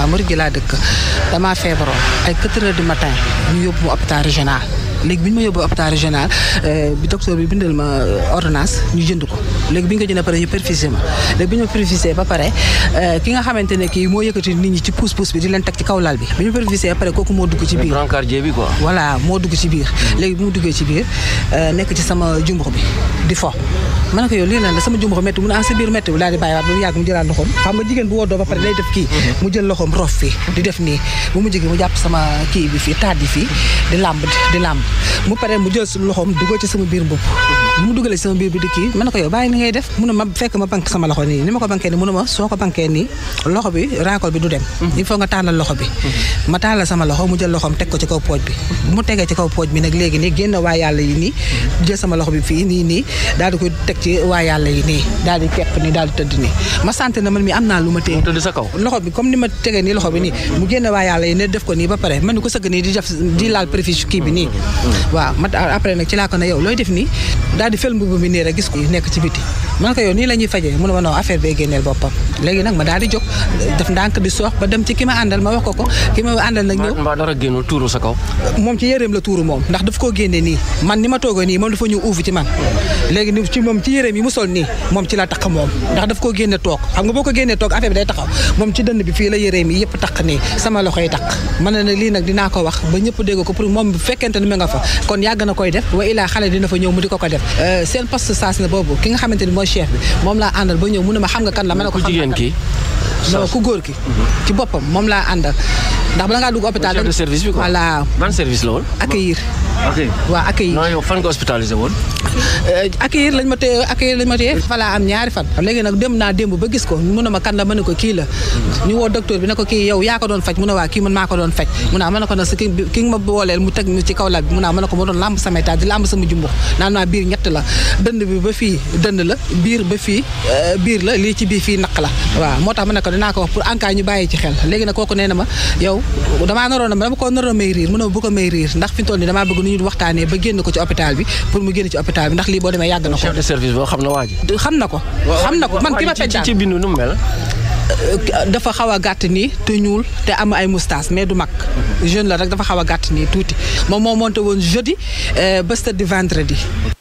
Pamar gi laa dëkk damaa feebaroon ay 4 heures du matin ñu yóbbu ma hôpital régional léegi bi ñu ma yóbbu hôpital régional euh, bi docteur bi bindal ma euh, ordonnance ñu jënd ko léegi bi ñu ko jëndee pare ñu perfusé ma léegi bi ñu ma perfusé ba pare euh, ki nga xamante ne kii moo yëkkati nit ñi ci pousse pousse bi di leen teg ci kaw lal bi bi ñu perfusé ba pare kooku moo dugg ci biir brancardier bi quoi voilà moo dugg ci biir mm. léegi bi mu duggee ci biir nekk ci sama jumbux bi di fo ma ne ko yow lii lan la sama jumbaxo métti mu ne ah sa biir métti bu di bàyyiwaat ba mu yàgg mu jëlaat loxoom xam nga jigéen bu woddoo ba pare day def kii mm-hmm. mu jël loxoom rof fi di def nii bu mu jege mu jàpp sama kii bi fii taat bi fii di làmb di làmb mu pare mu jël su loxoom duggoo ci sama biir mbubb mu dugalee sama biir bi di kii ma ne ko yow bàyyi li ngay def mu ne ma fekk ma bank sama loxo nii ni ma ko bankee nii mu ne ma soo ko nii loxo bi raakol bi du dem mhm. il faut nga bi mhm. ma tàllal sama loxo mu jël loxoom teg ko ci kaw pooj bi mhm. mu tegee ci kaw pooj bi nag léegi nii génn waa yàlla yi nii jël sama loxo bi fii nii nii daal di koy teg ci waa yàlla yi nii daal di nii daal di tëdd nii na man mi am naa lu ma téye tëdd sa kaw loxo bi comme ni ma tegee nii loxo bi nii mu génn waa yàlla yi ne def ko nii ba pare man ni ko sëgg nii di def di laal préfiche kii bi nii waaw ma après nag ci laa ko ne yow looy def nii daal di fel mbubb mi nii rek gis ko nekk ci biti man ko yow nii la ñuy fajee mu ne ma bee génneel boppam léegi nag ma daal di jóg def ndànk di soox ba dem ci ki ma àndal ma wax ko ko ki àndal nag sa kaw moom moom ndax daf koo génne ni ma toogee nii ni ci moom ci yéreem nii moom ci la taq moom ndax daf ko génne toog xam nga boo ko génnee toog affaire bi day taxaw moom ci dënn bi fii la yéreem yi yëpp taq nii sama loxo yi taq man na lii nag dinaa ko wax ba ñëpp dégg ko pour moom bu fekkente ne ma nga fa kon yàgg na koy def wa ilaa xale dina fa ñëw ko ko def euh, seen nga xamante ni mooy chef moom laa àndal ba ñëw mu ne ma xam nga kan la ma ne ko. ku jigéen ki. non ku góor ki. Mhm. ci boppam moom laa àndal ndax bala ngaa dugg hôpital. chef de service bi quoi voilà. ban service la woon. accueillir. accueillir waaw accueillir. non yow fan nga hospitalisé woon. Euh, accueillir lañ ma tee accueillir lañ ma am ñaari fan. léegi nag dem naa démb ba gis ko mu ne ma kan la ma ko kii la. ñu woo docteur bi ne kii yow yaa ko doon faj mu ne waa kii man maa ko doon faj. mu a ah ma ne ko nag si ki ki nga ma booleel mu teg ñu ci ah, ko ma doon làmb sama jumbo naan naa biir ñett la dënd bi ba fii dënd la biir ba fii euh, biir la lii ci biir fii naq la. waaw moo tax ma ne ko dinaa ko wax pour en ñu bàyyi ci xel léegi nag ko nee na ma yow waaw damaa naroon na dama ko naroon may riir mu ne ma bu ko may riir ndax fi mu toll nii damaa bëgg nu ñu waxtaanee ba génn ko ci hôpital bi pour mu génn ci hôpital bi ndax lii boo demee yàgg na ko. chef de service boo xam na waa na ko. xam na ko man ki ma fekk daal euh, dafa xaw a gàtt nii te ñuul te am ay moustache mais du mag jeune la rek dafa xaw a gàtt nii tuuti moom moo monté woon jeudi euh, ba di vendredi.